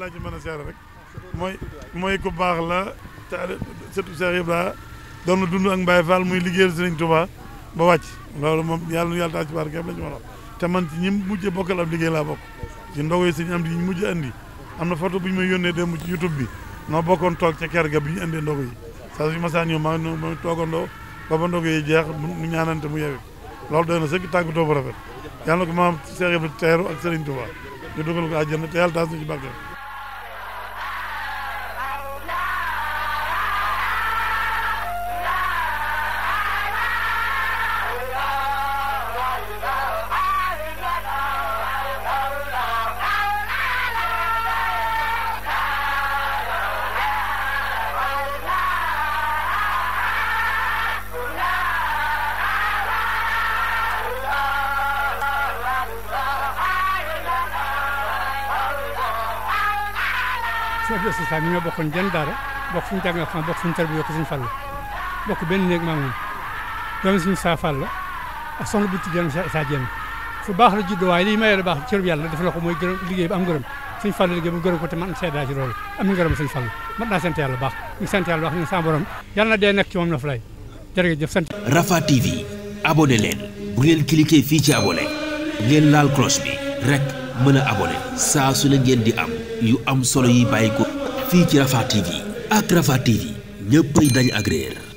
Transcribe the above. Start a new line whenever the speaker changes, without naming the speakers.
laa ci mën a seere rek mooy mooy ku baax la te surtout Cheikh Ibra doon na dund ak Mbaye Fall muy liggéeyal Serigne Touba ba wàcc loolu moom yàlla nu yàlla taal ci baar képp la ci mën a te man ci ñi mujj bokkal ab liggéey laa bokk ci ndogoy Serigne am di ñu mujj andi am na photo bu ñu may yónnee démb ci YouTube bi noo bokkoon toog ca kër ga bi ñu a ndogo yi saa su ma saa ñëw maa ngi toogandoo ba ba ndogo yi jeex mu ñaanante mu yewe loolu doy na sëkk tàggatoo bu rafet yàlla na ko maam Cheikh Ibrahima teeru ak Serigne Touba ñu dugal ko àjjana te yàlla taas
Cheikh Ibrahima Sall ñu ñoo bokkoon jenn daara bokk fu ñu jàngee xam bokk fu ñu tarbi yokk suñu fàll bokk benn néeg maa moom doomi suñu saa fàll ak saa jéem baax la juddoo waaye lii mayee la baax cërub yàlla def na ko mooy gërëm liggéey bi am ngërëm suñu fàll liggéey bu gërëm ko am na ngërëm suñu fàll mat naa sant yàlla baax ñu sant yàlla baax ñu sant borom dee nekk ci moom na fa lay jërëjëf sant
Rafah TV abonné leen bu ngeen cliqué fii ci abonné ngeen laal cloche bi rek mën a abonné saa su la ngeen di am yu am solo yi bàyyi ko fii ci Rafah TV ak Rafah TV ñëppay dañ agréer